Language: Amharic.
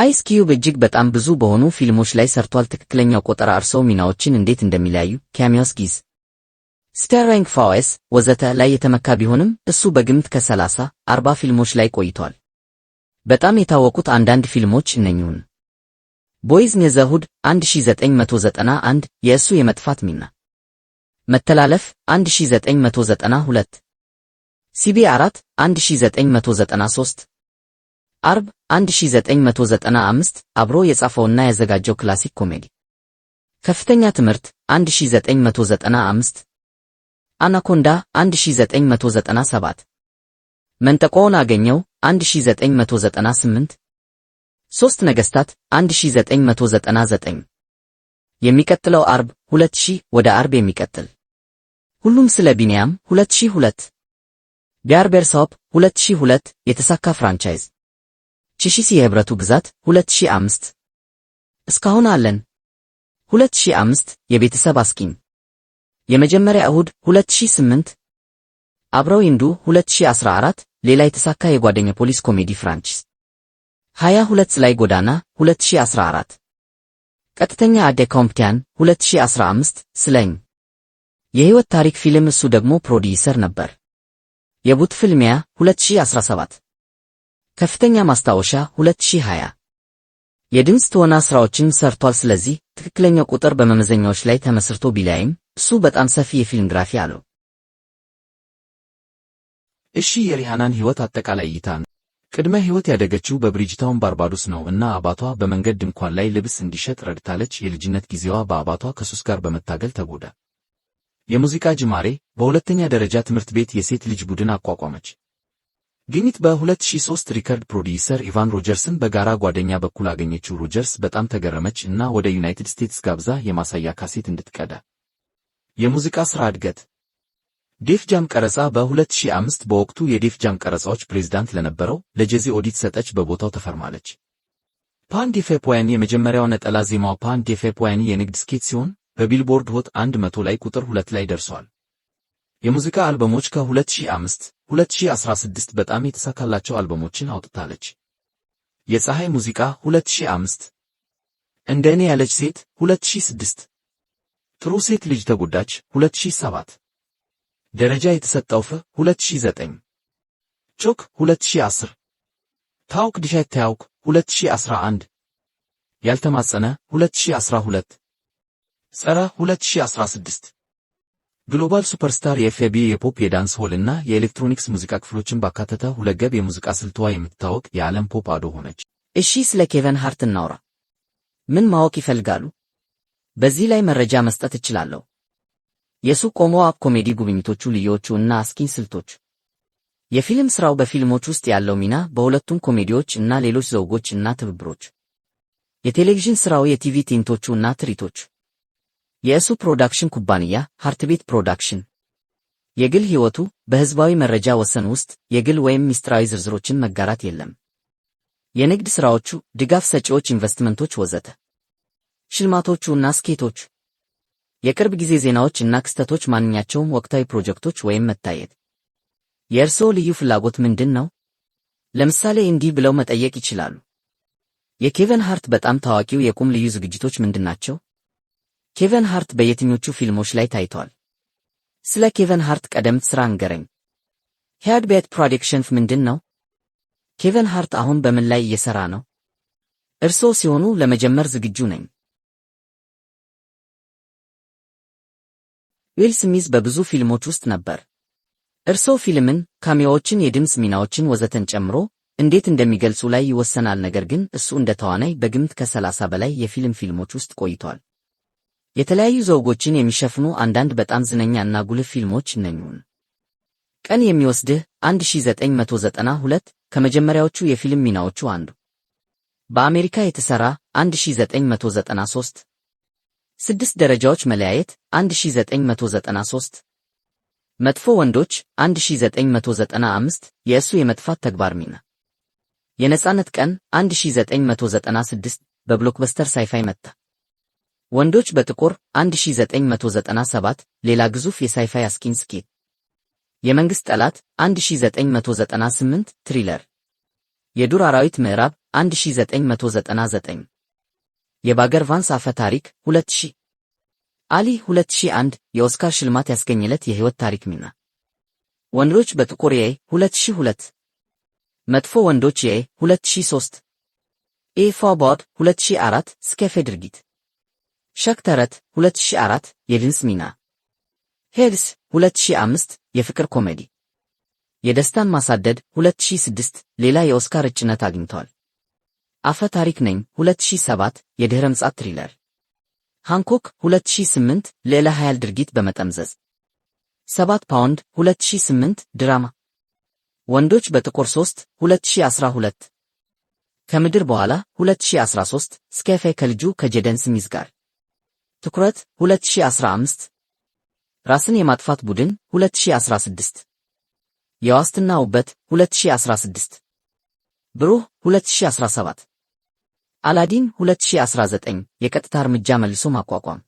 አይስ ኪዩብ እጅግ በጣም ብዙ በሆኑ ፊልሞች ላይ ሰርቷል። ትክክለኛው ቆጠራ እርስዎ ሚናዎችን እንዴት እንደሚለያዩ ካሚዮስ፣ ጊዝ፣ ስታሪንግ፣ ፋውስ ወዘተ ላይ የተመካ ቢሆንም እሱ በግምት ከ30 40 ፊልሞች ላይ ቆይቷል። በጣም የታወቁት አንዳንድ ፊልሞች እነኚሁን ቦይዝ ኔ ዘ ሁድ 1991 የእሱ የመጥፋት ሚና፣ መተላለፍ 1992፣ ሲቢ 4 1993 አርብ 1995 አብሮ የጻፈውና ያዘጋጀው ክላሲክ ኮሜዲ። ከፍተኛ ትምህርት 1995 አናኮንዳ 1997 መንጠቆውን አገኘው 1998 ሶስት ነገስታት 1999 የሚቀጥለው አርብ 2000 ወደ አርብ የሚቀጥል ሁሉም ስለ ቢንያም 2002 ቢያር ቤርሳፕ 2002 የተሳካ ፍራንቻይዝ ቺሺሲ የህብረቱ ግዛት 2005 እስካሁን አለን 2005 የቤተሰብ አስኪኝ የመጀመሪያ እሁድ 2008 አብረው ይምዱ 2014 ሌላ የተሳካ የጓደኛ ፖሊስ ኮሜዲ ፍራንችስ 22 ላይ ጎዳና 2014 ቀጥተኛ አደ ኮምፕቲያን 2015 ስለኝ የህይወት ታሪክ ፊልም እሱ ደግሞ ፕሮዲውሰር ነበር። የቡት ፍልሚያ 2017 ከፍተኛ ማስታወሻ 2020 የድምፅ ትወና ሥራዎችን ሰርቷል። ስለዚህ ትክክለኛው ቁጥር በመመዘኛዎች ላይ ተመስርቶ ቢላይም እሱ በጣም ሰፊ የፊልም ግራፊ አለው። እሺ፣ የሪሃናን ሕይወት አጠቃላይ እይታ ቅድመ ሕይወት ያደገችው በብሪጅታውን ባርባዶስ ነው እና አባቷ በመንገድ ድንኳን ላይ ልብስ እንዲሸጥ ረድታለች። የልጅነት ጊዜዋ በአባቷ ከሱስ ጋር በመታገል ተጎዳ። የሙዚቃ ጅማሬ፣ በሁለተኛ ደረጃ ትምህርት ቤት የሴት ልጅ ቡድን አቋቋመች። ግኝት በ2003 ሪከርድ ፕሮዲውሰር ኢቫን ሮጀርስን በጋራ ጓደኛ በኩል አገኘችው። ሮጀርስ በጣም ተገረመች እና ወደ ዩናይትድ ስቴትስ ጋብዛ የማሳያ ካሴት እንድትቀዳ። የሙዚቃ ሥራ እድገት ዴፍ ጃም ቀረጻ በ2005 በወቅቱ የዴፍ ጃም ቀረጻዎች ፕሬዝዳንት ለነበረው ለጄዚ ኦዲት ሰጠች። በቦታው ተፈርማለች። ፓን ዴፍ የመጀመሪያው ነጠላ ዜማው ፓን ዴፍ የንግድ ስኬት ሲሆን በቢልቦርድ ሆት 100 ላይ ቁጥር ሁለት ላይ ደርሷል። የሙዚቃ አልበሞች ከ2005 2016 በጣም የተሳካላቸው አልበሞችን አውጥታለች። የፀሐይ ሙዚቃ 2005፣ እንደ እኔ ያለች ሴት 2006፣ ጥሩ ሴት ልጅ ተጎዳች 2007፣ ደረጃ የተሰጠው ፍ 2009፣ ቾክ 2010፣ ታውክ ድሻት ታውክ 2011፣ ያልተማጸነ 2012፣ ጸረ 2016 ግሎባል ሱፐርስታር የኤፍቢ የፖፕ የዳንስ ሆል እና የኤሌክትሮኒክስ ሙዚቃ ክፍሎችን ባካተተ ሁለገብ የሙዚቃ ስልትዋ የምትታወቅ የዓለም ፖፕ አዶ ሆነች። እሺ ስለ ኬቨን ሃርት እናውራ። ምን ማወቅ ይፈልጋሉ? በዚህ ላይ መረጃ መስጠት እችላለሁ። የሱ ቆሞ አፕ ኮሜዲ ጉብኝቶቹ፣ ልዮቹ እና አስቂኝ ስልቶች። የፊልም ሥራው በፊልሞች ውስጥ ያለው ሚና በሁለቱም ኮሜዲዎች እና ሌሎች ዘውጎች እና ትብብሮች። የቴሌቪዥን ሥራው የቲቪ ቲንቶቹ እና ትሪቶች? የእሱ ፕሮዳክሽን ኩባንያ ሃርትቤት ፕሮዳክሽን የግል ሕይወቱ በሕዝባዊ መረጃ ወሰን ውስጥ የግል ወይም ሚስጥራዊ ዝርዝሮችን መጋራት የለም። የንግድ ሥራዎቹ ድጋፍ ሰጪዎች፣ ኢንቨስትመንቶች፣ ወዘተ። ሽልማቶቹ እና ስኬቶቹ የቅርብ ጊዜ ዜናዎች እና ክስተቶች፣ ማንኛቸውም ወቅታዊ ፕሮጀክቶች ወይም መታየት። የእርስዎ ልዩ ፍላጎት ምንድን ነው? ለምሳሌ እንዲህ ብለው መጠየቅ ይችላሉ። የኬቨን ሃርት በጣም ታዋቂው የቁም ልዩ ዝግጅቶች ምንድን ናቸው? ኬቨን ሃርት በየትኞቹ ፊልሞች ላይ ታይቷል? ስለ ኬቨን ሃርት ቀደምት ሥራ አንገረኝ ሄያድ ቤት ፕሮዳክሽንስ ምንድን ነው? ኬቨን ሃርት አሁን በምን ላይ እየሠራ ነው? እርስዎ ሲሆኑ ለመጀመር ዝግጁ ነኝ። ዊል ስሚዝ በብዙ ፊልሞች ውስጥ ነበር። እርስዎ ፊልምን፣ ካሜዎችን፣ የድምፅ ሚናዎችን ወዘተን ጨምሮ እንዴት እንደሚገልጹ ላይ ይወሰናል። ነገር ግን እሱ እንደ ተዋናይ በግምት ከ30 በላይ የፊልም ፊልሞች ውስጥ ቆይቷል። የተለያዩ ዘውጎችን የሚሸፍኑ አንዳንድ በጣም ዝነኛ እና ጉልህ ፊልሞች እነኙን። ቀን የሚወስድህ 1992 ከመጀመሪያዎቹ የፊልም ሚናዎቹ አንዱ። በአሜሪካ የተሠራ 1993 ስድስት ደረጃዎች መለያየት 1993 መጥፎ ወንዶች 1995 የእሱ የመጥፋት ተግባር ሚና የነጻነት ቀን 1996 በብሎክበስተር ሳይፋይ መታ። ወንዶች በጥቁር 1997 ሌላ ግዙፍ የሳይፋይ አስኪን ስኬት የመንግሥት ጠላት 1998 ትሪለር የዱር አራዊት ምዕራብ 1999 የባገር ቫንስ አፈ ታሪክ 2000 አሊ 2001 የኦስካር ሽልማት ያስገኘለት የሕይወት ታሪክ ሚና ወንዶች በጥቁር የ 2002 መጥፎ ወንዶች የ 2003 ኤ ፎባድ 2004 ስኬፌ ድርጊት ሸክተረት 2004 የቪንስ ሚና ሄልስ 2005 የፍቅር ኮሜዲ የደስታን ማሳደድ 2006 ሌላ የኦስካር እጭነት አግኝቷል። አፈ ታሪክ ነኝ 2007 የድህረ ምጻት ትሪለር ሃንኮክ 2008 ሌላ ኃያል ድርጊት በመጠምዘዝ ሰባት ፓውንድ 2008 ድራማ ወንዶች በጥቁር 3 2012 ከምድር በኋላ 2013 ስኬፌ ከልጁ ከጄደን ስሚዝ ጋር ትኩረት 2015 ራስን የማጥፋት ቡድን 2016 የዋስትና ውበት 2016 ብሩህ 2017 አላዲን 2019 የቀጥታ እርምጃ መልሶ ማቋቋም